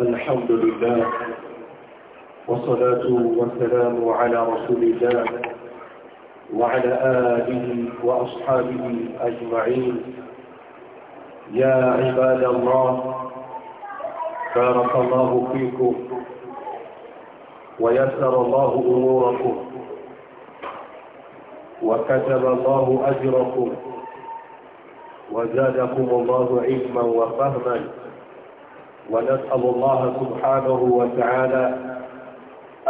الحمد لله والصلاة والسلام على رسول الله وعلى آله وأصحابه أجمعين يا عباد الله بارك الله فيكم ويسر الله أموركم وكتب الله أجركم وزادكم الله علما وفهما ونسأل الله سبحانه وتعالى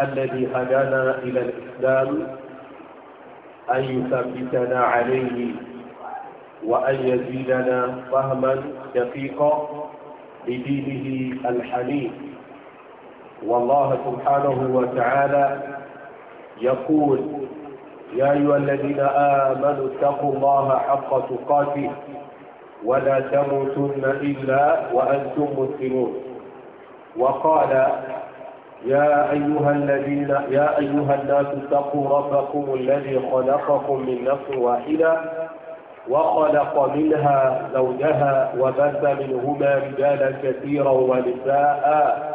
الذي هدانا إلى الإسلام أن يثبتنا عليه وأن يزيدنا فهما دقيقا لدينه الحنيف والله سبحانه وتعالى يقول يا أيها الذين آمنوا اتقوا الله حق تقاته ولا تموتن إلا وأنتم مسلمون وقال يا أيها الذين يا أيها الناس اتقوا ربكم الذي خلقكم من نفس واحدة وخلق منها زوجها وبث منهما رجالا كثيرا ونساء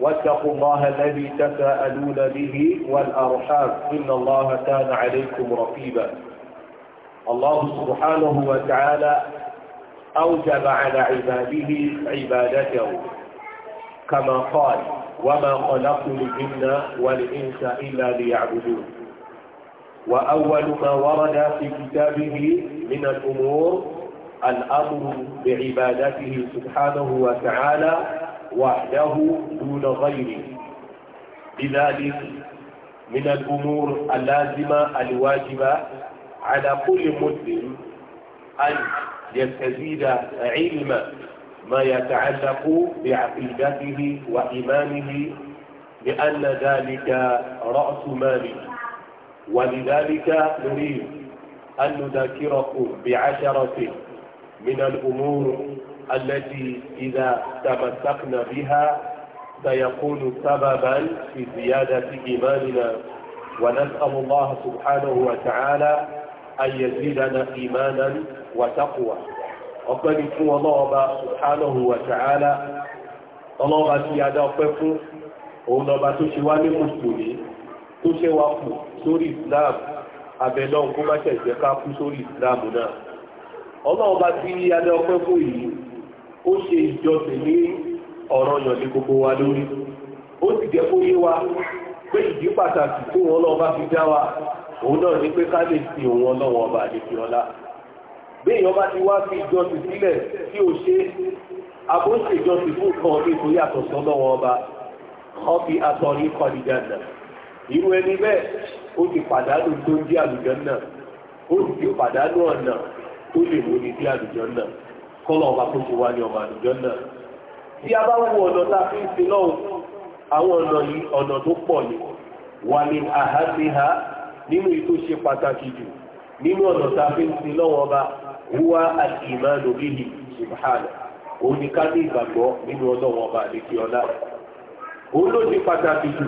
واتقوا الله الذي تساءلون به والأرحام إن الله كان عليكم رقيبا الله سبحانه وتعالى أوجب على عباده عبادته كما قال وما خلقت الجن والإنس إلا ليعبدون وأول ما ورد في كتابه من الأمور الأمر بعبادته سبحانه وتعالى وحده دون غيره لذلك من الأمور اللازمة الواجبة على كل مسلم أن يستزيد علم ما يتعلق بعقيدته وإيمانه لأن ذلك رأس ماله ولذلك نريد أن نذكركم بعشرة من الأمور التي إذا تمسكنا بها سيكون سببا في زيادة إيماننا ونسأل الله سبحانه وتعالى ayẹ̀zídana ìmánan wàtàkùwà ọpẹ́ ni fún ọlọ́ọba subhanahu wa ọlọ́ọba tí a dá ọpẹ́ fún òun tó ṣe wá ní mùsùlùmí tó ṣe wá kù sórí islam abẹ́lọ́ kó má ṣẹ̀ṣẹ̀ ká kú sórí islam náà ọlọ́ọba tí a dá ọpẹ́ fún yìí ó ṣe ìjọsìn ní ọ̀rọ̀ gbogbo wa lórí ó sì jẹ́ wa pé ìdí pàtàkì tó wọn fi dá òun náà ní pé ká lè fi òun ọlọ́wọ́ ọba àdìsí ọlá bí èèyàn bá ti wá fi ìjọsìn sílẹ̀ tí ò ṣe àbó ń ṣèjọsìn fún nǹkan ọdún tó yàtọ̀ sọ́lọ́wọ́ ọba wọ́n fi aṣọ ní kọ́díjàdà irú ẹni bẹ́ẹ̀ ó ti pàdánù tó ń jẹ́ àlùjọ́n náà ó sì ti pàdánù ọ̀nà tó lè mú ní jẹ́ àlùjọ́n náà kọ́lọ̀ ọba tó ṣe wá ní ọba àlùjọ́n náà tí a bá wo ọ̀nà tá a fi ń ṣe náà àwọn ọ̀nà yìí ọ̀nà tó pọ̀ ni wà ní àhásíhá nínú ètò ṣe pàtàkì jù nínú ọ̀nà tá a fi ń sin lọ́wọ́ ọba wúwá àti ìmáàlú bíi subhana òun ni ká ní ìgbàgbọ́ nínú ọlọ́wọ́ ọba àdékè ọlá òun ló ṣe pàtàkì jù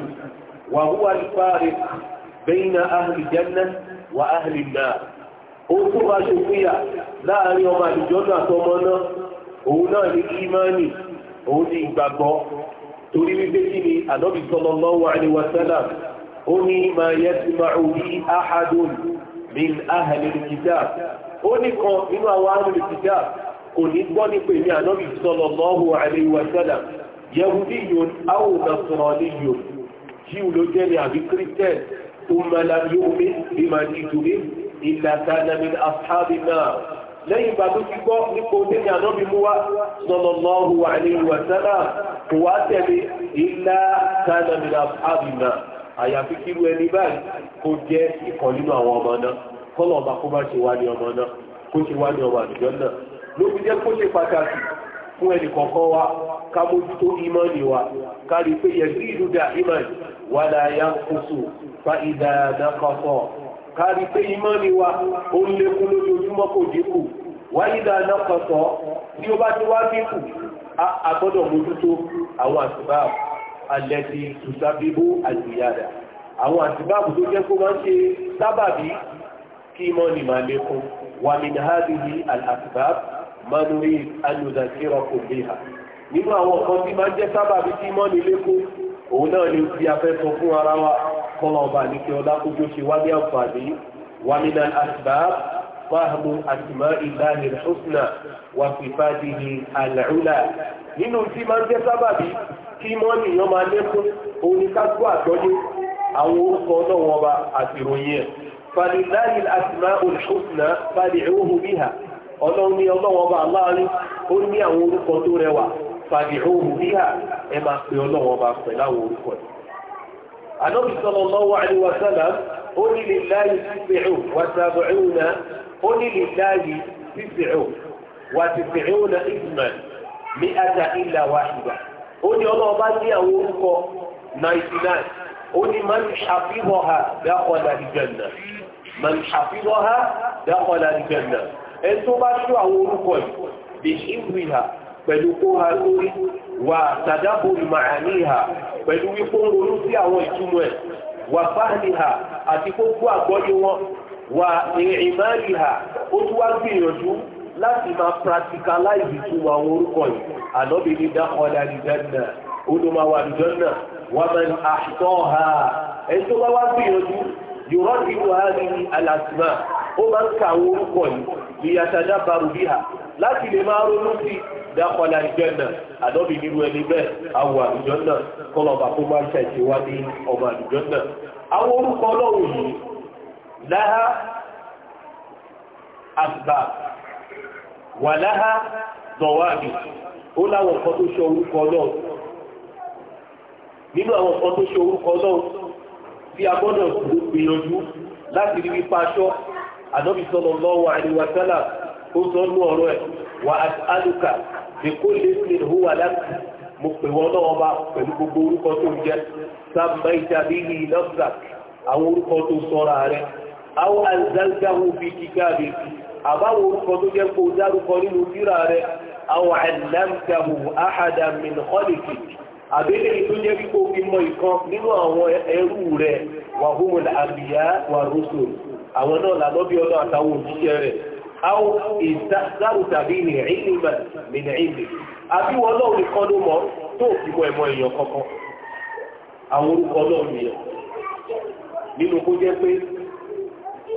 wà wúwá ìfáàrí bẹ́yìnà ahli janna wà ahli náà òun tó bá ṣe fúyà láàrin ọmọ àdìjọ́ náà tọmọ náà òun náà ní ìmáàní òun ní ìgbàgbọ́ torí wípé kí ni ànábì sallallahu alaihi wasallam ó ní máa yẹ ti máa rí ahadun min ahlil kitab ó ní kan nínú àwọn ahlil kitab kò ní gbọ́ nípa èmi ànábì sallallahu alaihi wa sallam yahudiyun aw nasraniyun jíù ló jẹ́ ní àbí christian thumma lam yu'min bima ji'tu bihi illa kana min ashabin lẹ́yìn ìgbà tó ti gbọ́ nípa oníkẹ́ ànábì mú wá sallallahu alaihi wa sallam kò wá tẹ̀lé illa kana min àyàfi kíru ẹni báyìí kó jẹ́ ìkan nínú àwọn ọmọ náà kọ́lọ̀ ọba kó bá ṣe wá ní ọmọ náà kó ṣe wá ní ọmọ àdìjọ náà ló jẹ́ kó ṣe pàtàkì fún ẹnì kọ̀ọ̀kan wa ká mójútó ìmánì wa ká rí pé yẹ sí ìlú dá ìmánì wà láyà kóso fa ìdá àdákọ̀sọ̀ ká rí pé ìmánì wa ó ń lékún lójoojúmọ́ kò dínkù wà ìdá àdákọ̀sọ̀ tí ó bá ti wá dínkù a gbọ́dọ̀ mójútó àwọn àtìbáàbù alẹ́tí tùsàbíbó àzìyàdà àwọn àtìbáàbù tó jẹ́ kó máa ń ṣe sábàbí kí mọ́ ni máa lékún wà ní nàádìí al-asbab manuri alùdàkírọ̀ kò lè hà nínú àwọn nǹkan tí máa ń jẹ́ sábàbí kí mọ́ ni lékún òun náà ni fi afẹ́ sọ fún ara wa kọ́lọ̀ ọba ní kí ọlá kójú ṣe wá ní àǹfààní wà ní nàádìí فهم asma'illahi al-husna wa sifatihi al-ula nínú tí máa ń jẹ́ sábàbí kí mọ́nì yàn máa lékún òun ni ká gbọ́ àgbọ́yé àwọn orúkọ náà wọn bá àtìròyìn ẹ̀ falillahi al-asma'ul husna fad'uhu biha ọlọ́run ní ọlọ́wọ́ bá láàrin ó ní àwọn orúkọ tó rẹwà fad'uhu biha ẹ máa pe ọlọ́wọ́ bá pẹ̀lú àwọn orúkọ ẹ̀. Ànábì sallallahu alaihi wa sallam ó ní lillahi al-asma'ul husna ó ní lè dáyé sísèó wà sísèó na isman ní ata ilà wàhídà ó ní ọlọ́ọ̀bá ní àwọn orúkọ ninety nine ó ní man hafidhaha dakhala al-janna man hafidhaha dakhala al-janna ẹ tó bá ṣú àwọn orúkọ yìí bí ìwìhà pẹ̀lú kó ha lórí wà tàdábò màáníhà pẹ̀lú wípé ń ronú sí àwọn ìtumọ̀ ẹ̀ wà fáàníhà àti kó kó àgbọ́yé wọn wà ìmáàlìhà ó tún wá gbìyànjú láti máa practicalize ìtumọ̀ àwọn orúkọ yìí ànábì ní dákọ̀ọ́lá àlùjànnà olùmọ̀ àwọn àlùjànnà wà man ahsaha ẹni tó bá wá gbìyànjú yòrọ́ ti máa ń ka àwọn orúkọ yìí ní yàtàdá ẹni bẹ́ẹ̀ àwọn àlùjànnà kọ́lọ̀ bàbá máa ń ṣàìṣe ní ọmọ àlùjànnà àwọn orúkọ ọlọ́run yìí لها أسباب ولها ضوابط ó láwọn nǹkan tó náà nínú àwọn nǹkan tó ṣe orúkọ náà tí a gbọ́dọ̀ gbìyànjú láti rí wípa aṣọ ànábì sallallahu alaihi ó sọ nú ọ̀rọ̀ ẹ̀ wà as'aluka bi kulli ismin huwa lak mo pè wọ́n náà ọba pẹ̀lú gbogbo orúkọ tó ń jẹ́ àwọn àǹzàǹzàwò fi kíkà rẹ̀ àbáwò orúkọ tó jẹ́ kó dárúkọ nínú tírà rẹ̀ àwọn àìlàǹkàwò àhàdàmìn họ́lìkì àbílẹ̀ tó jẹ́ kíkó fi mọ ìkan nínú àwọn ẹrú rẹ̀ wà húnmọ̀ àbíyá wà rúṣò àwọn náà lànàbí ọlọ́ àwọn orúkọ nínú kó jẹ́ pé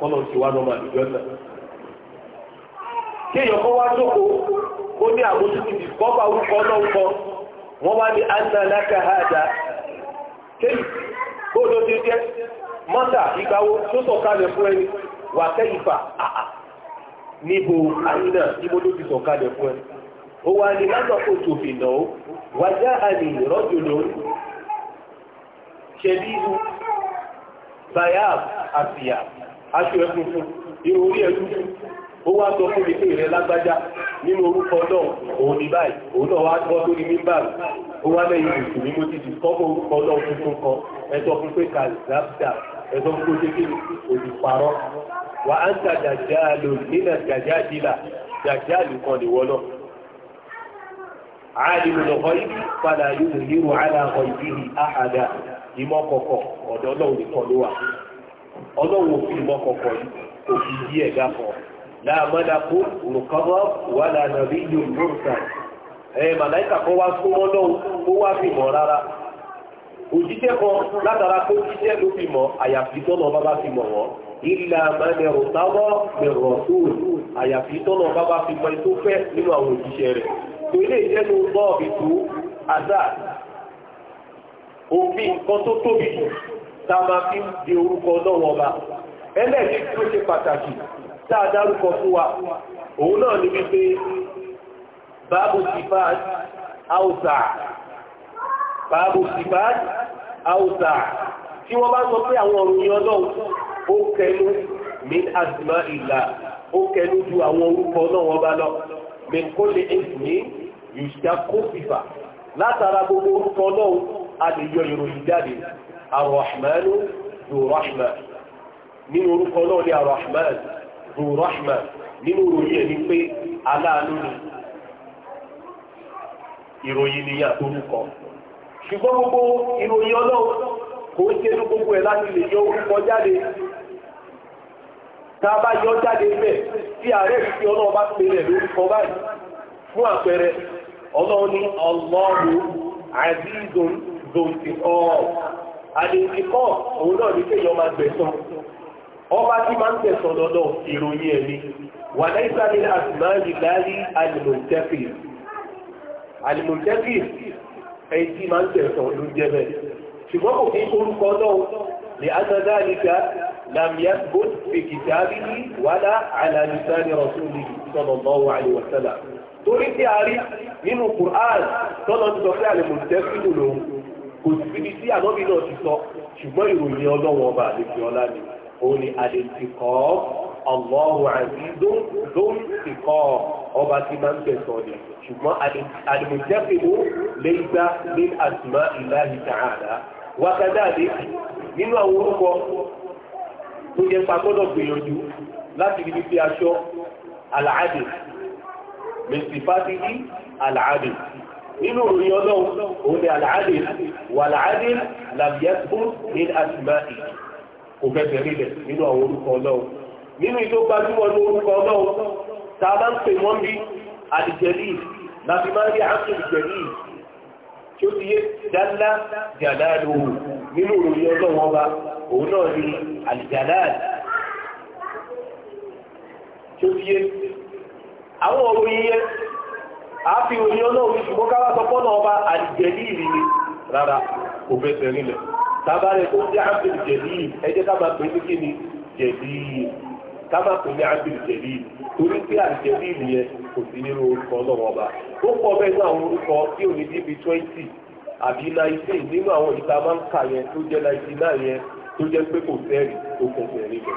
kọ́nà ti wá lọ́mọ àdìjọ́ náà. kéèyàn kọ́ wá jókòó ó ní àbójú ti dìkọ́bà orúkọ náà kọ wọ́n wá ní anna laka hada kéyì kó ló ti jẹ́ mọ́tà ìgbàwo tó sọ̀kalẹ̀ fún ẹni wà kẹ́yìfà àà níbo àyínà níbo ló ti sọ̀kalẹ̀ fún ẹni ó wá ní lánàá kò tòfin náà wájá àlè rọ́jò lórí ṣẹlí ìlú bayab àfihàn aṣọ ẹkùn fún irun orí ẹkùn fún ó wá sọ fún ìpé rẹ lágbájá nínú orúkọ náà òun ní báyìí òun náà wá gbọ́ sórí mímbà ó wá lẹ́yìn ìrìnsù ní mo ti orúkọ náà tuntun kan ẹ̀sọ́ fún pé kàzáfíà ẹ̀sọ́ fún pé kí òdì wà á ń ta jàjà lò nínà ọlọ́run òfin mọ́ kọ̀ọ̀kan yìí kò fi yí ẹ̀dá kan láàmọ́dá kó nùkọ́mọ́ wà lànà bí yóò lóòótá ẹ̀ màláìkà kan wá súnmọ́ lọ́hùn kó wá fi mọ̀ rárá òjíṣẹ́ kan látara tó jíṣẹ́ ló fi mọ̀ àyàfi tọ́nà ọba bá fi mọ̀ wọ́n ilà mẹ́rẹ̀rù táwọ́ mẹ́rọ̀ tó àyàfi tọ́nà ọba bá fi mọ̀ tó fẹ́ nínú àwọn òjíṣẹ́ rẹ̀ tó ilé ìjẹ́nu bọ́ọ̀bì tó àdá òfin kan tó tóbi jù tá a máa fi ń di orúkọ ọlọ́wọ́ ọba ẹlẹ́ẹ̀kí tí ó ṣe pàtàkì tá a dárúkọ fún wa òun náà ni wípé báàbù sifat haúsá báàbù sifat haúsá tí wọ́n bá sọ pé àwọn òròyìn ọlọ́run ó kẹnu min azma ìlà ó kẹnu ju àwọn orúkọ ọlọ́run ọba lọ min kó lè ní yùsà kófìfà látara gbogbo orúkọ ọlọ́run a lè yọ ìròyìn jáde arọ̀hmanu dùrọ̀hmà nínú orúkọ náà ní arọ̀hmanu dùrọ̀hmà nínú ìròyìn ẹ̀ على نور aláàánú ni ìròyìn ni àtòrúkọ ṣùgbọ́n gbogbo ìròyìn ọlọ́run kò ń ṣe ní gbogbo ẹ̀ láti lè yọ orúkọ jáde tá a bá yọ jáde bẹ́ẹ̀ tí ààrẹ ìfi ọlọ́run bá pe rẹ̀ lórúkọ báyìí fún àpẹẹrẹ ọlọ́run ní ọlọ́run àdèjì kọ́ òun náà ní kéèyàn máa gbẹ̀sán ọba tí máa ń tẹ̀sán lọ́dọ̀ ìròyìn ẹ̀mí wà láìsá ní àtìmáàlì láàrí alìmọ̀tẹ́fì alìmọ̀tẹ́fì ẹni tí máa ń tẹ̀sán ló jẹ́ bẹ́ẹ̀ ṣùgbọ́n kò ní orúkọ náà lè ánádá níta làmìyá bó fi kìtà rí ní wàhálà àlàlùsá kò sí ibi tí ànábì náà ti sọ ṣùgbọ́n ìròyìn ọlọ́wọ́n ọba àlejò ọlá ni òun ni àlejò kọ́ Allahu àzízó ló ń ti kọ́ ọba tí máa ń tẹ̀sọ̀ ni ṣùgbọ́n àlùmọ̀jẹ́pẹ̀mú lè gbá ní àtìmá ìláhi ta'ala wákàdáàdé nínú àwọn orúkọ tó yẹ pa gbìyànjú láti rí wípé aṣọ àlàádé mẹsìfátìdí àlàádé nínú orí ọlọ́run òun ni al-adil wal-adil lam yathbut min asma'i kò fẹsẹ̀ rílẹ̀ nínú àwọn orúkọ ọlọ́run nínú ìlú gbajúmọ̀ ní orúkọ ọlọ́run tá a máa ń pè wọ́n bí àdìjẹ̀lì láti máa ń rí àṣẹ ìjẹ̀lì tí ó ti yé jálá jàdáàlú nínú ìròyìn ọlọ́run ọba òun náà ni àdìjàdáàlú tí ó ti yé àwọn òròyìn yẹn àfi òní ọlọ́run ṣùgbọ́n káwá sọ pọ́nà ọba àjẹ̀lì ìrìnlẹ̀ rárá kò fẹsẹ̀ nílẹ̀ tábàrẹ̀ tó jẹ́ ábìl jẹ̀lì ẹjẹ́ ká máa ní kí ni jẹ̀lì ká máa pè ní ábìl jẹ̀lì torí pé àjẹ̀lì ìrìnlẹ̀ kò sí nínú orúkọ ọlọ́run ọba ó pọ̀ bẹ́ẹ̀ ní àwọn orúkọ tí ò ní díbi twenty àbí nineteen nínú àwọn ìta máa ń kà yẹn tó jẹ́ ninety nine yẹn tó jẹ́ pé kò sẹ́rì tó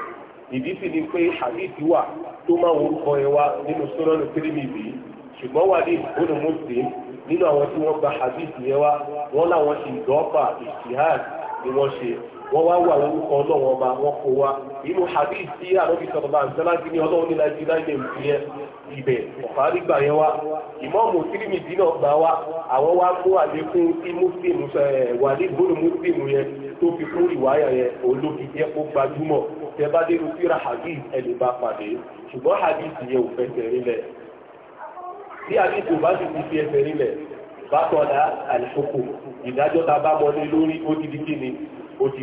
ni pé hadith wà tó máa orúkọ yẹn wá nínú sọ́nà tírìmì ṣùgbọ́n wà ní ìbónú Muslim nínú àwọn tí wọ́n gba hadith yẹn wá wọ́n láwọn ṣe ìdọ́fà ìṣìhàn ni wọ́n ṣe wọ́n wá wà lórúkọ ọlọ́run ọba wọn kó wa nínú hadith tí àlọ́bí sọ̀rọ̀ bá ń sẹ́lá sí ní ọlọ́run ní nàìjíríà ilé ìlú yẹn ibẹ̀ ọ̀fárí gbà yẹn wá ìmọ̀ọ́mù tìrìmìdì náà gbà wá àwọn wá kó àlékún tí Muslim wà ní ìbónú Muslim yẹn tó fi kún ìwáyà yẹn olókì jẹ́ kó gbajúmọ̀ tẹ́ bá dé lu síra hadith ẹ̀ lè bá pàdé ṣùgbọ́n hadith yẹn ò fẹsẹ̀ rí lẹ̀ sị àdìsù bá sì ti fi ẹsẹ̀ nílẹ̀ bákọ̀dá àìsókò ìdájọ́ ta bá mọ́lé lórí ó ti kí ni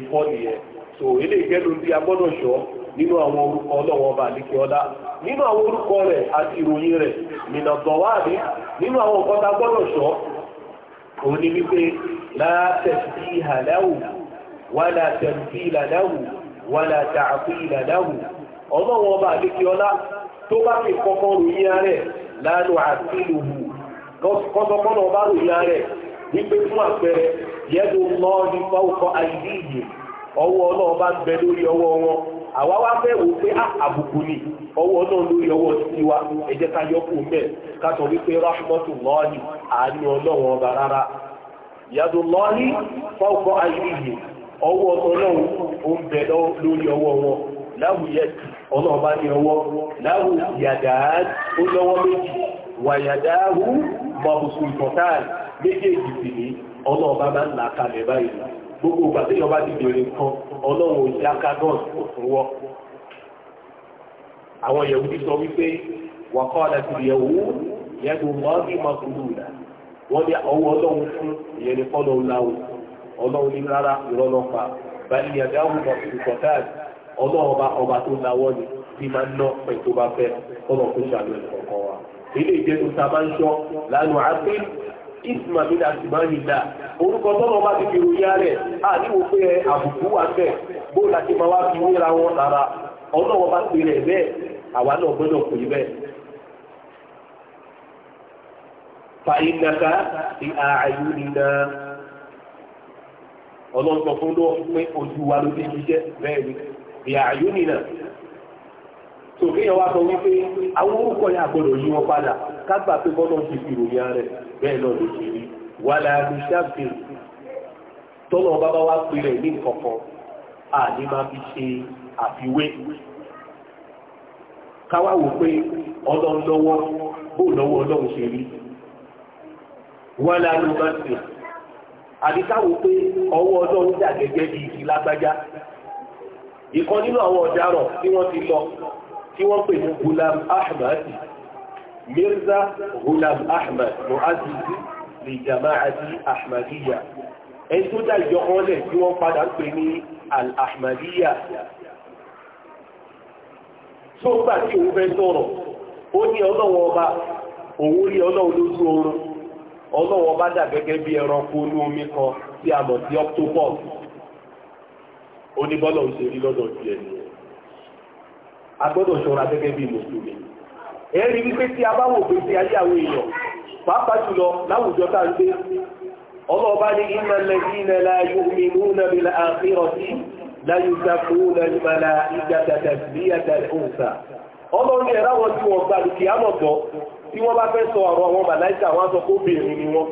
fọ́ nìyẹn so ilé ìkẹ́lò tí a ṣọ́ nínú àwọn orúkọ ọlọ́wọ́n ọba ọlá nínú àwọn orúkọ rẹ̀ àti ìròyìn rẹ̀ nínú nínú àwọn nǹkan ta gbọ́dọ̀ ṣọ́ òun ni wípé látẹ̀sí tẹ̀sí ọba láàánú àtìlùhù kọ́sọ́kọ́nà ọba ròyìn rẹ̀ wípé fún àpẹẹrẹ yẹ́dùn mọ́ nípa ọkọ̀ àìdí ọwọ́ náà bá bẹ lórí ọwọ́ wọn àwa wá fẹ́ wò pé ah, àbùkù ni ọwọ́ náà lórí ọwọ́ sí wa ká sọ wípé rahmatu lọ́ọ̀lì àánú ọlọ́wọ́n ọba rárá fọ́ọ̀kọ́ ọwọ́ náà lórí ọwọ́ wọn láwùyẹ́ ọlọ́ọ̀bá onye ọwọ́ láhù yàdáàd ó lọ́wọ́ méjì wà yàdáàhù mọ̀bùsù ìfọ̀táàl méjèèjì sì ní ọlọ́ọ̀bá máa ń làkalẹ̀ báyìí gbogbo ìgbà ti bèèrè nǹkan ọlọ́run ìyáka náà sọ wọ́n ọlọ́run ọba ọba tó náwọ́ ni bí máa ń ná pẹ̀ tó bá fẹ́ ọlọ́run tó ṣàlùwẹ̀ kọ̀ọ̀kan wa ilé ìjẹ́ tó ta máa ń ṣọ́ lánàá àti isma mi láti máa ń ìlà orúkọ tọ́lọ́ bá ti fi ròyìn rẹ̀ a níwò pé àbùkù wà bẹ́ẹ̀ bó láti máa wá fi wéra wọn lára ọlọ́wọ́ pè rẹ̀ bẹ́ẹ̀ àwa náà gbọ́dọ̀ pè bẹ́ẹ̀. fàyínàká ti ààyè nínà ọlọ́sọ fún lọ́wọ́ pé ojú wa ló ti ṣiṣẹ́ bẹ́ẹ̀ ni ìyá àyóní náà tó kéèyàn wá sọ wípé àwọn orúkọ yà gbọdọ̀ yí wọn padà kágbà pé bọ́lá ti fi ìròyìn rẹ̀ bẹ́ẹ̀ náà ló ṣe rí wà láàbí ṣáàbì tọ́lọ̀ bàbá wa pè rẹ̀ ní a àní máa fi ṣe àfiwé káwá wò pé ọlọ́run lọ́wọ́ bó lọ́wọ́ ọlọ́run ṣe rí wà láàbí ṣáàbì àbíkáwò pé ọwọ́ ọlọ́run dà gẹ́gẹ́ bí ìlàgbájá ìkan nínú àwọn ọ̀daràn tí wọ́n ti lọ tí wọ́n pè ní Ghulam Ahmad Mirza Ghulam Ahmad mu'azizi lè jama'ati Ahmadiyya ẹni tó dá ìjọkànlẹ̀ tí wọ́n padà ń pè ní al-Ahmadiyya tó gbà tí òun fẹ́ sọ̀rọ̀ ó ní ọlọ́wọ́ ọba òun rí ọlọ́wọ́ lójú oorun ọlọ́wọ́ ọba dà gẹ́gẹ́ bí ẹranko ní omi kan tí a mọ̀ sí octopus ó ní bọ́lọ̀ ń ṣe rí lọ́dọ̀ ti ẹ̀ nìyẹn a gbọ́dọ̀ ṣọ́ra gẹ́gẹ́ bí mùsùlùmí ẹ rí wípé tí a bá wò pé ti ayé àwọn èèyàn pàápàá jùlọ láwùjọ tá à ń gbé ọlọ́ọ̀bá ní iná lẹ́yìn iná láyé omi múnà bí àfihàn sí láyé ìjàkó lẹ́gbàlá ìjàdàdà bí àdàdà òǹkà ọlọ́run ní ẹ̀rá wọn tí wọ́n gba lùkì àmọ̀ tí wọ́n bá fẹ́ sọ ọ̀rọ̀ àwọn màláìkà wọn sọ pé obìnrin ni wọ́n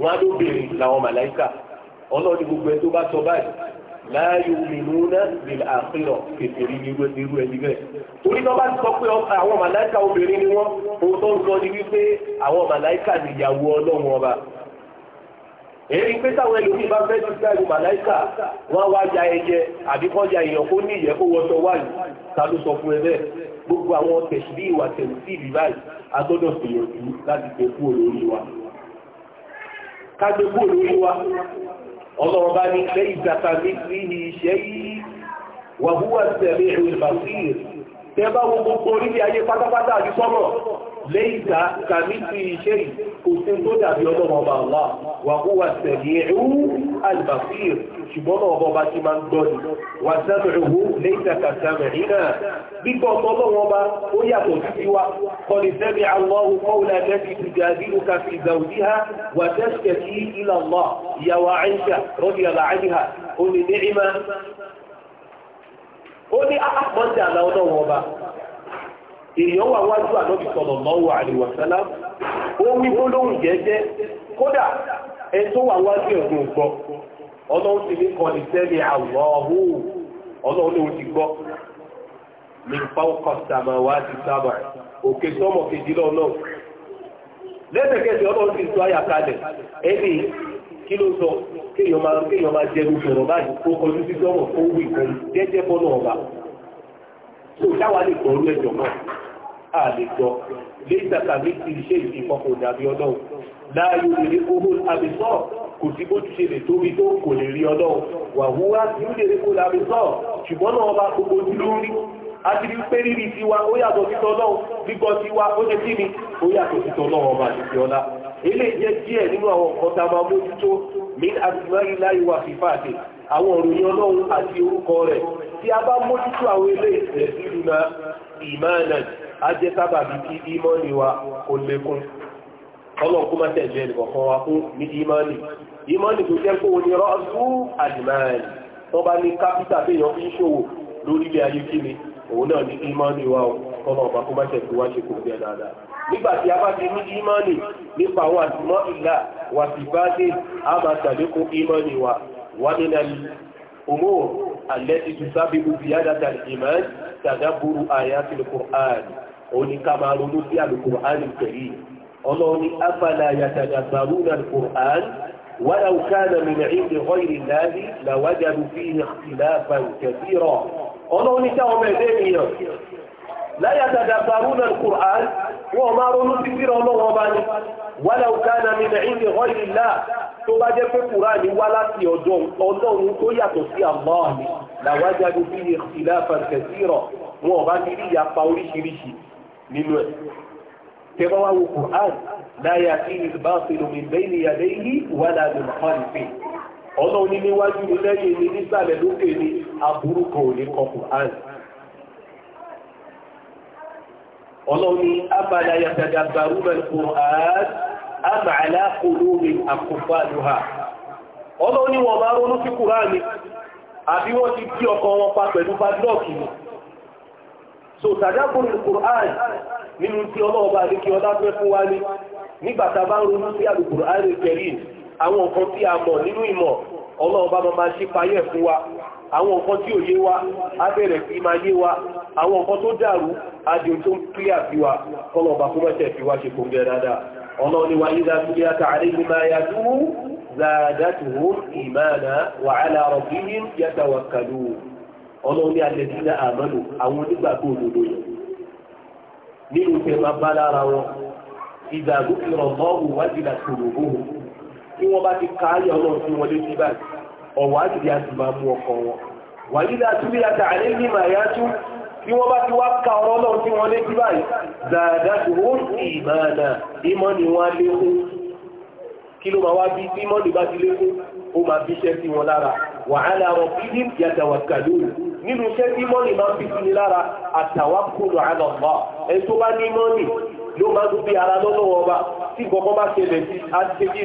wọn á lóbìnrin làwọn màláìkà ọlọ́ọ̀ni gbogbo ẹ tó bá sọ báyìí láàyò mìíràn lè àfihàn kèfèrí nírú ẹni bẹ́ẹ̀. torí náà bá ti sọ pé àwọn màláìka obìnrin ni wọ́n ohun tó ń sọ ni wípé àwọn màláìka nìyàwó ọlọ́run ọba èyí pé táwọn ẹlòmíì bá fẹ́ dúdú ẹ̀rù màláìkà wọn wá ya ẹyẹ àbí kọ́ ya èèyàn kó ní ìyẹ́ kó wọṣọ wáyé ta ló sọ fún ẹ bẹ́ẹ̀ gbogbo àwọn tẹ̀síbí ìwà tẹ̀síbí ìbí ọlọ́run bá ní ṣe ìjàkà nítorí ní iṣẹ́ yìí wàhúwà tẹ̀lé ìrìn bàṣír tẹ́ gbogbo orílẹ̀ ayé pátápátá àti sọ́mọ̀ lẹ́yìnká kàmítì iṣẹ́ kò sí tó dàbí ọlọ́run ọba Allah wà kó wà tẹ̀lé ẹ̀rú al-basir ṣùgbọ́n náà ọba ti máa ń gbọ́ ni wà sábẹ̀rẹ̀wò lẹ́yìnká kàtàmẹ̀rí náà gbígbọ́ ọlọ́run ọba ó yàtọ̀ sí wa ní àpọ̀jà ah, ah, náà ọlọ́run ọba èèyàn wà wájú ànábì sọ̀rọ̀ lọ́wọ́ àríwàsálá ó wí jẹ́jẹ́ kódà ẹ tó wà wájú ẹ̀gbọ́n gbọ́ ọlọ́run ti ní kọ́ni sẹ́ni àwọ̀hù ọlọ́run gbọ́ ní ọlọ́run kí ló sọ kéèyàn máa báyìí kó kọjú sí tó dáwà lè gbọ́ orú ẹ̀jọ̀ náà a lè gbọ́ léṣà tàbí ti ṣe ìfọkàn dàbí ọlọ́run láàyò lè kóhó àbísọ́ kò sí bó ti ṣe lè tóbi tó kò lè rí ọlọ́run wà wúwá tí ó lè kó àbísọ́ ṣùgbọ́n náà ọba gbogbo lórí a ti rí pé rírí tiwa ó yàtọ̀ títọ́ lọ́wọ́ gbígbọ́ tiwa ó ṣe kí ni ó yàtọ̀ títọ́ lọ́wọ́ ọba àti ọlá eléyìí jẹ́ díẹ̀ nínú àwọn ọ̀tá máa mójútó min àtìmáyí láyé wà fífáàtì àwọn òròyìn ọlọ́run àti orúkọ rẹ̀ tí a bá mójútó àwọn ilé ìsẹ̀sílùmọ̀ ìmáànà ajẹ́sábàbí kí ìmọ́ni wa kò lékún ọlọ́run kó má tẹ̀lé ẹnìkọ̀kan wa fún ní ìmọ́ni bá ní ni òun náà ní ìmọ́ni wa ọlọ́run bá kó má tẹ̀lé wá ṣe kò bẹ́ẹ̀ dáadáa nígbàtí a bá ti ní ìmọ́ni nípa àwọn àtìmọ́ ìlà a máa tàbí kún ìmọ́ni wa ومن الأمور التي تسبب زيادة الإيمان تدبر آيات القرآن ونكما ننسي القرآن الكريم الله أفلا يتدبرون القرآن ولو كان من عند غير الله لوجدوا فيه اختلافا كثيرا الله نتعلم ذلك láyà dàda barúnà kùrán wọn máa ronú títí rẹ ọlọ́wọ́n bá ní wàlẹ̀ òkàna mi nà ìdè ọ̀yìnlá tó bá jẹ́ pé kùrán wá láti ọ̀dọ̀ ọlọ́run tó yàtọ̀ sí àmọ́ọ̀ni làwájá ló fi ìlà fàǹkẹ̀sírọ̀ wọn bá ní rí ìyapa oríṣiríṣi nínú ẹ̀ tẹ́wọ́n wá wo kùrán láyà sí ìbáṣẹ̀lú mi bẹ́ẹ̀ ni yàrá yìí wà láti mọ̀ọ́nìfẹ́ ọlọ́run ní níwájú ní ọlọ́run ní abala yàtàdà barúmẹ̀ kùrán àmàlà kùlùmí àkùfà lùhà ọlọ́run ní wọ́n máa ronú sí kùrán àbí wọ́n ti kí ọkọ̀ wọn pa pẹ̀lú padlọ́ọ̀kì ni so tàdákùnrin kùrán nínú tí ọlọ́run ní kí ọlá fẹ́ fún wa ní nígbàtà bá ronú sí kẹrin àwọn nǹkan a mọ̀ nínú ọlọ́run bá máa ṣí payẹ́ fún wa àwọn nǹkan tí ò yé wa á bẹ̀rẹ̀ sí máa yé wa àwọn nǹkan tó dàrú adì tó ń kílíà sí wa kọ́lọ̀ bá fún mẹ́tẹ̀ fi wá ṣe kò ń gẹ dáadáa ọlọ́run ni wa yíra sí ní máa yá dúró zaadatuhu ìmáàna wa ala tí wọ́n bá ti ka ayé ọlọ́run tí wọ́n lé sí báyìí ọ̀wọ́ àdìdí àti máa mú ọkọ̀ wọn wàyí láti rí àtà àlẹ́ ní màá yá wọ́n bá ti wá ka ọlọ́run tí wọ́n sí báyìí dáadáa ni wọ́n á lékún kí ló máa wá bí tí ìmọ̀ ni bá ti lékún ó máa fi iṣẹ́ sí wọn lára wàhálà rọ̀ fídí yàtàwàkàlù nínú iṣẹ́ tí ìmọ̀ ni máa fi sí ni lára àtàwákùnù àlọ́mọ́ ẹ̀ tó bá ní ìmọ̀ ni ló máa ń gbé ara lọ́wọ́ ọba tí gbọ́gbọ́n bá ṣẹlẹ̀ sí àti ṣe kí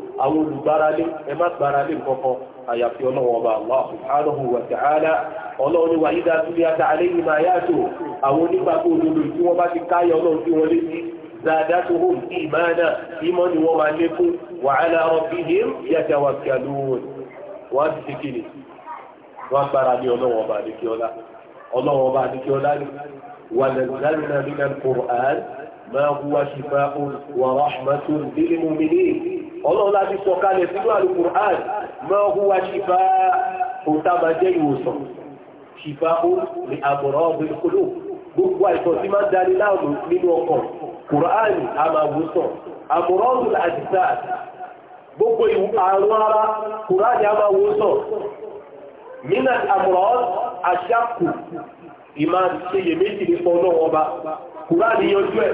àwọn olùgbáralé ẹ má gbáralé kankan àyàfi ọlọ́wọ́ ọba Allah subhanahu wa ta'ala ọlọ́run wà yídá sílé ata àléyìn máa yáàtò àwọn onígbàgbọ́ òdodo tí wọ́n bá ti káyọ̀ ọlọ́run tí wọ́n lé sí zadatuhum imana ìmọ̀ ni wọ́n máa lékún wa ala rabbihim yatawakkalun wọ́n ti ti kiri wọ́n gbára lé ọlọ́wọ́ ọba àdékíọ́lá ọlọ́wọ́ ọba àdékíọ́lá ni ọlọ́run láti sọ kalẹ̀ sínú alukur'an máa húwa ṣìfà òtàbà jẹ́ ìwòsàn ṣìfà ó ní àbọ̀rọ̀ ọ̀gbìn kúlò gbogbo àìsàn tí máa ń dání láàmú nínú ọkàn kur'an a máa wòsàn àbọ̀rọ̀ ọ̀gbìn àdìsá gbogbo àrùn ara kur'an a nínà àbọ̀rọ̀ àṣàkù ìmáa ṣe iyèméjì nípa ọlọ́wọ́ ọba kur'an yọjú ẹ̀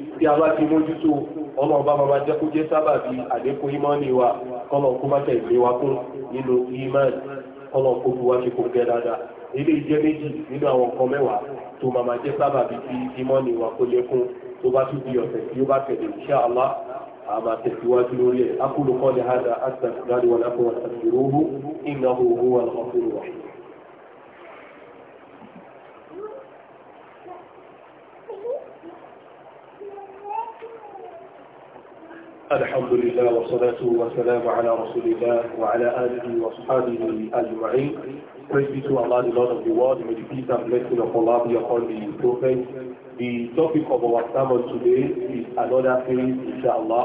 tí a bá ti mójútó ọmọ ọba máa jẹ́ kó jẹ́ sábà bí àdékò ìmánì wa kọ́lọ̀ kó má tẹ̀ ìgbé wa kún nínú ìmánì kọ́lọ̀ kó bu wa ṣe kó ilé ìjẹ́ méjì nínú àwọn nǹkan mẹ́wàá tó máa máa jẹ́ sábà bí tí ìmánì wa kó lékún tó bá tún di ọ̀sẹ̀ tí ó bá tẹ̀lé insha Allah àmà tẹ̀síwájú lórí ẹ̀ akólókọ́ ni hada asàtìláríwá lápò àtàkìrò الحمد لله والصلاة والسلام على رسول الله وعلى آله وصحابه أجمعين Praise be to Allah, the Lord of the world, may the peace and blessing of Allah be upon the Prophet. The topic of our sermon today is another phase, inshallah,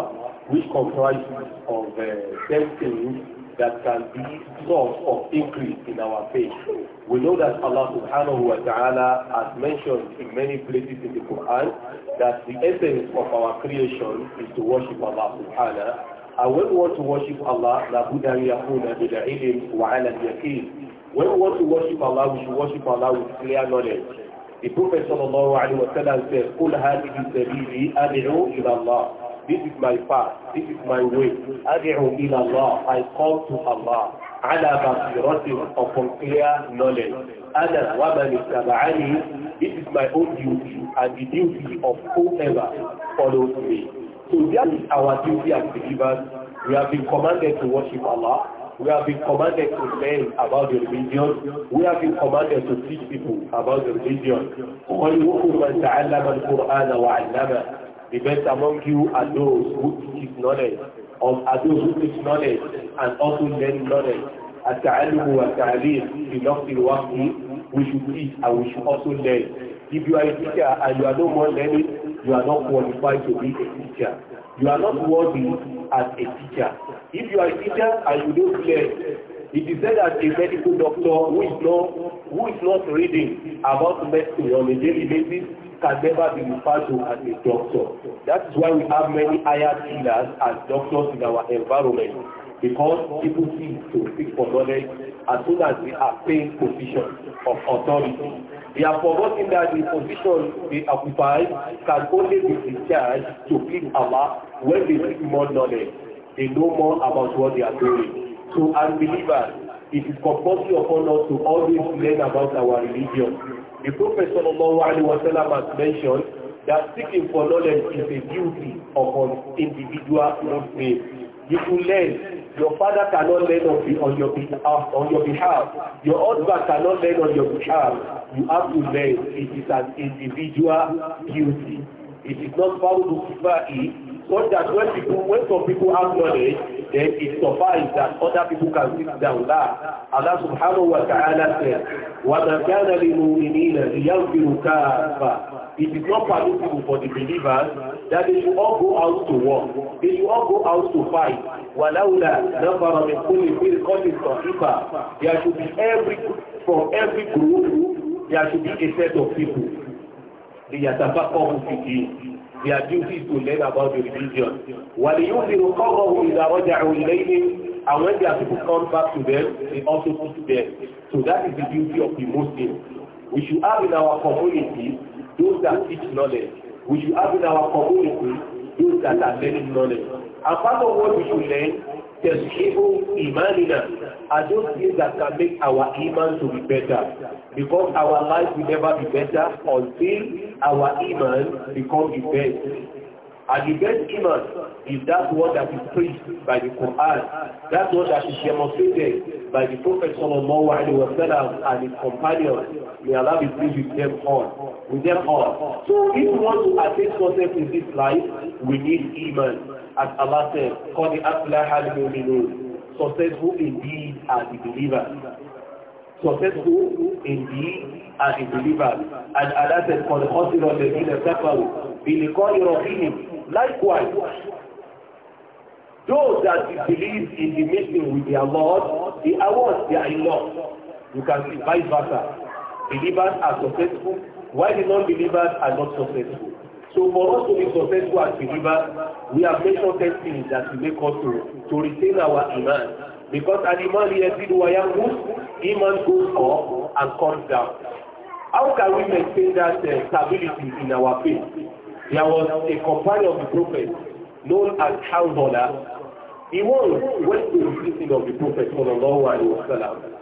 which comprises of uh, 10 things that can be source of increase in our faith. We know that Allah subhanahu wa ta'ala has mentioned in many places in the Quran that the essence of our creation is to worship Allah subhanahu and when we want to worship Allah, لابد أن يكون بالعلم وعلى اليقين. When we want to worship Allah, we should worship Allah with clear knowledge. The Prophet sallallahu alaihi wasallam said, "Qul hadhihi sabili ad'u ila Allah." This is my path. This is my way. Adi'u ila Allah. I call to Allah. Ala basiratin of clear knowledge. Ana wa man This is my own duty and the duty of whoever follows me. So that is our duty as believers. We have been commanded to worship Allah. We have been commanded to learn about the religion. We have been commanded to teach people about the religion. خَيْرُكُمْ مَنْ تَعَلَّمَ الْقُرْآنَ وَعَلَّمَهُ The best among you are those who teach knowledge, or are those who teach knowledge and also learn knowledge. At-ta'allumu wa ta'lim fi nafsil waqti, we should teach and we should also learn. If you are a teacher and you are no more learning, you are not qualified to be a teacher. You are not worthy as a teacher. If you are a teacher and you don't learn, it is said that a medical doctor who is not, who is not reading about medicine on a daily basis can never be referred to as a doctor. That is why we have many hired healers as doctors in our environment because people seem to seek for knowledge as soon as they attain position of authority. They are forgotten that the position they occupy can only be discharged to please Allah when they seek more knowledge. They know more about what they are doing. So unbelievers, it is compulsory upon us to always learn about our religion The Prophet sallallahu alaihi wasallam has mentioned that seeking for knowledge is a duty upon individual Muslim. You should learn. Your father cannot learn on, on, your, on your behalf. Your husband cannot learn on your behalf. You have to learn. It is an individual duty. It is not found to Such that when people, when some people have knowledge, then it suffices that other people can sit down. That Allah subhanahu wa ta'ala said, وَمَا كَانَ لِلْمُؤْمِنِينَ لِيَنْفِرُ كَافَةً It is not permissible for the believers that they should all go out to work, They should all go out to fight. وَلَوْلَا نَفَرَ مِنْ كُلِّ فِرْقَةٍ طَائِفَةٍ There should be every, from every group, there should be a set of people. لِيَتَفَقَّهُوا فِي الدِّينِ their duties to learn about the religion. While وَلِيُنْذِرُ قَوْمَهُمْ إِذَا رَجَعُوا إِلَيْهِمْ and when they are to come back to them, they also put them. So that is the duty of the Muslim. We should have in our community those that teach knowledge. We should have in our community those that are learning knowledge. And part of what we should learn tashihu imanina. I don't think that can make our iman to be better. Because our life will never be better until our iman becomes the best. And the best iman is that one that is preached by the Quran. That one that is demonstrated by the Prophet Sallallahu Alaihi Wasallam and his companions. May Allah be pleased with them all. With them all. So if we want to attain success in this life, we need iman. As Allah said, قَدْ أَفْلَحَ الْمُؤْمِنُونَ Successful indeed are the believers. Successful indeed are the believers. And Allah said, قَدْ خَسِرَ الَّذِينَ كَفَرُوا بِلِقَاءِ رَبِّهِمْ Likewise, those that believe in the meeting with their Lord, the awards they are in love. You can see vice versa. Believers are successful, while the non-believers are not successful. So for us to be successful as believers, we have mentioned ten things that we make us to, to retain our iman. Because an iman yazid wa yanqus, iman goes up and comes down. How can we maintain that uh, stability in our faith? There was a companion of the prophet known as Hawdala. He once went to the prison of the prophet for sallallahu alaihi wasallam.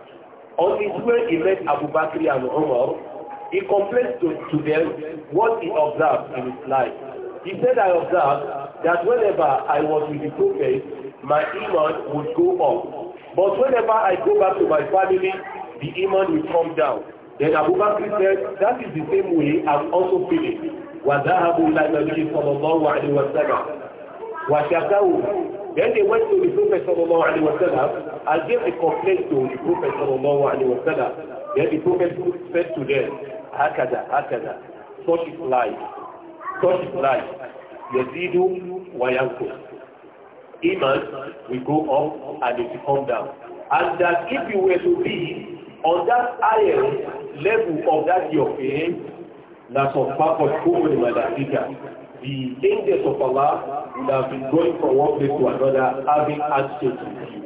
On his way, he met Abu Bakr and Umar He complains to, to them what he observed in his life. He said, I observed that whenever I was with the prophet, my iman would go up. But whenever I go back to my family, the iman would come down. Then Abu Bakr said, that is the same way I'm also feeling. وَذَهَبُوا إِلَى النَّبِيِّ صَلَى اللَّهُ عَلَيْهِ وَسَلَّمَ وَشَكَوْا Then they went to the Prophet صلى الله عليه وسلم and gave a complaint to the Prophet صلى الله عليه وسلم. Then the Prophet said to them, هكذا هكذا such is life such is life يزيد وينقص iman will go up and it will come down and that if you were to be on that higher level of that your faith that's some part of kowai malaika the angels of Allah will have been going from one place to another having access to you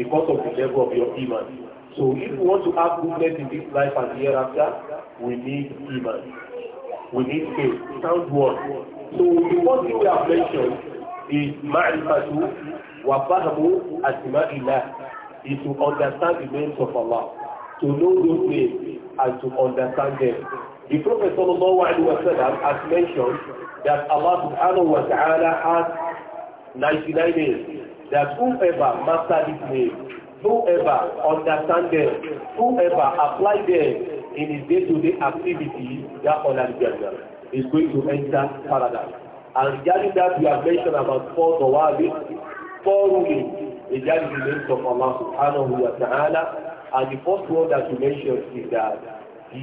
because of the level of your iman. So if we want to have goodness in this life and the hereafter, we need iman. We need faith, sound word. So the first thing we have mentioned is ma'rifatu wa fahmu asma'illah is to understand the names of Allah, to know those names and to understand them. The Prophet sallallahu alaihi wasallam has mentioned that Allah subhanahu wa ta'ala has 99 names, that whoever master this name Whoever understands them, whoever applies them in his day-to-day activity, that understanding is going to enter paradise. And regarding that, we have mentioned about four Zawabit, four rulings regarding the names of Allah subhanahu wa ta'ala. And the first one that you mentioned is that the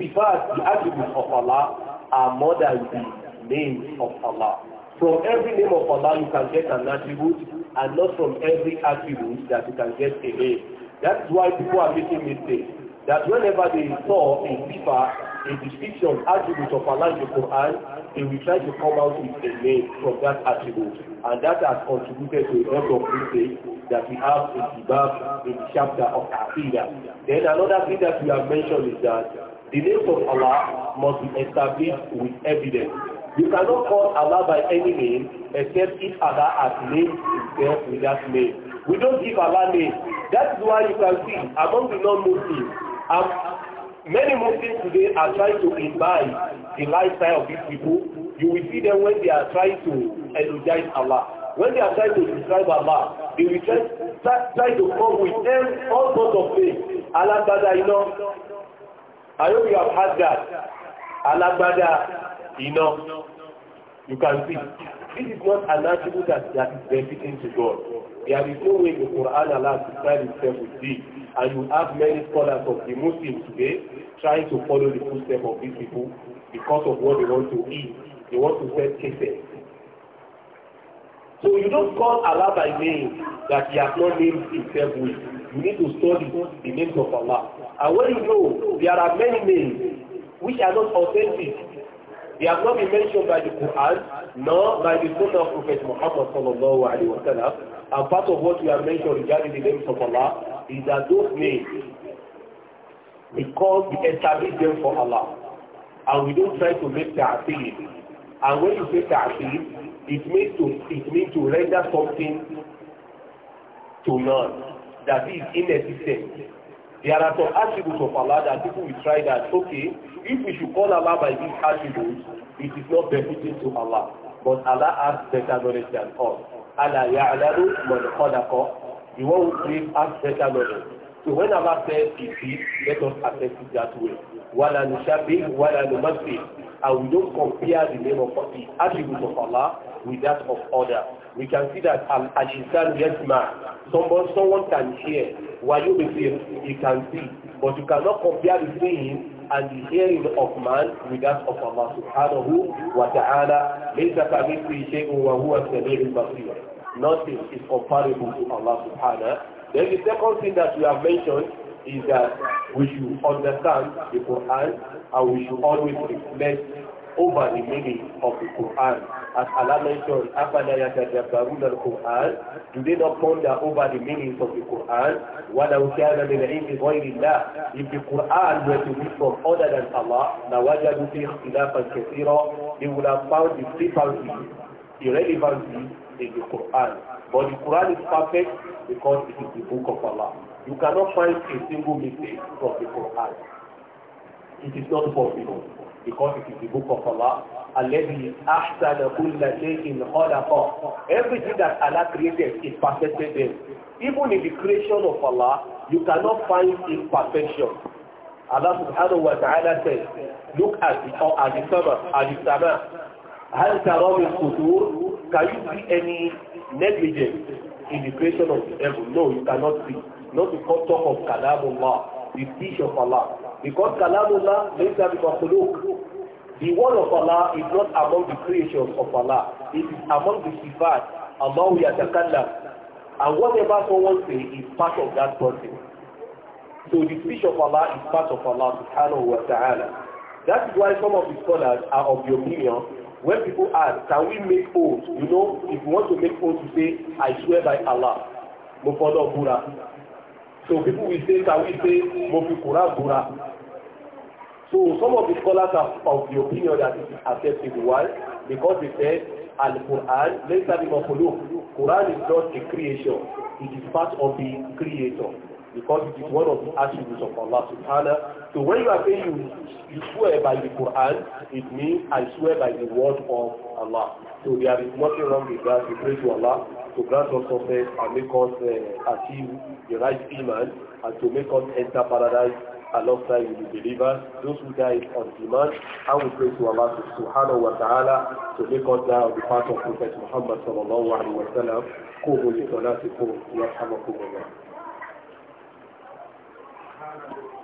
sifat, the attributes of Allah are more than the names of Allah. From every name of Allah, you can get an attribute and not from every attribute that you can get away. That's why people are making mistakes. That whenever they saw a paper, a description, attribute of Allah in the Quran, they will try to come out with a name from that attribute. And that has contributed to a lot of mistakes that we have in the Bab, in the chapter of Aqidah. Then another thing that we have mentioned is that the name of Allah must be established with evidence. You cannot call Allah by any name except if Allah has named himself with that name. We don't give Allah name. That is why you can see among the non-Muslims, um, many Muslims today are trying to imbibe the lifestyle of these people. You will see them when they are trying to eulogize Allah. When they are trying to describe Allah, they will try, try, try to come with them all sorts of things. Allah Bada, you know, I hope you have had that alágbádá iná you can see this is not an attribute that, that is benefiting to God there is no way the Quran allows to try to itself with this and you have many scholars of the Muslims today trying to follow the footsteps of these people because of what they want to eat they want to sell cases so you don't call Allah by name that he has not named himself with. You need to study the names of Allah. And when you know there are many names, which are not authentic. They have not been mentioned by the Quran, nor by the Sunnah of Prophet Muhammad sallallahu alayhi wa sallam. And part of what we have mentioned regarding the names of Allah is that those names, because we establish them for Allah. And we don't try to make ta'atil. And when you say ta'atil, it means to it means to render something to none that is inexistent There are some attributes of Allah that people will try that, okay, if we should call Allah by these attributes, it is not benefiting to Allah. But Allah has better knowledge than us. Allah ya'lamu man khalaqa. The one who creates has better knowledge. So when Allah says it is, let us accept it that way. Wala nushabih, wala numasbih. And we don't compare the name of the attributes of Allah with that of others we can see that al-ashisan yasma someone someone can hear While you, wayo befir you can see but you cannot compare the seeing and the hearing of man with that of Allah subhanahu wa ta'ala laysa kamithlihi shay'un wa huwa as-sami'ul basir nothing is comparable to Allah subhanahu then the second thing that we have mentioned is that we should understand the Quran and we should always reflect over the meaning of the Quran. As Allah mentioned, أَفَلَا يَتَدَبَّرُونَ Quran, Do they not ponder over the meanings of the Quran? وَلَوْ كَانَ مِنْ عِنْدِ غَيْرِ اللَّهِ If the Quran were to be from other than Allah, لَوَجَدُوا فِي اخْتِلَافًا كَثِيرًا They would have found discrepancies, irrelevancies in the Quran. But the Quran is perfect because it is the book of Allah. You cannot find a single mistake from the Quran. It is not possible because it is the book of Allah. after the ahsana kulla shay'in khalaqa. Everything that Allah created is perfected them. Even in the creation of Allah, you cannot find imperfection. Allah subhanahu wa ta'ala says, look at the, or at the summer, at the summer. Hal tara min futur? Can you see any negligence in the creation of the heaven? No, you cannot see. Not to talk of kalam Allah, the speech of Allah. Because Kalamullah means that because the word of Allah is not among the creations of Allah. It is among the sifat, among yatakallam. And whatever someone say is part of that person. So the speech of Allah is part of Allah subhanahu wa ta'ala. That is why some of the scholars are of the opinion when people ask, can we make oath? You know, if you want to make oath, you say, I swear by Allah. Mo fọdọ̀ So people will say, can we say, mo fi Quran búra? So some of the scholars are of the opinion that it is acceptable. Why? Because they say, Al-Quran, let's have Quran is not a creation. It is part of the creator. Because it is one of the attributes of Allah subhanahu. So when you are saying you, you swear by the Quran, it means I swear by the word of Allah. So there is nothing wrong with that. We pray to Allah to grant us success and make us uh, achieve the right iman and to make us enter paradise alongside with the believers, those who die on demand, and we pray to Allah subhanahu wa ta'ala to make us now on the path of Prophet Muhammad sallallahu alayhi wa sallam, قوموا لصلاتكم يرحمكم الله.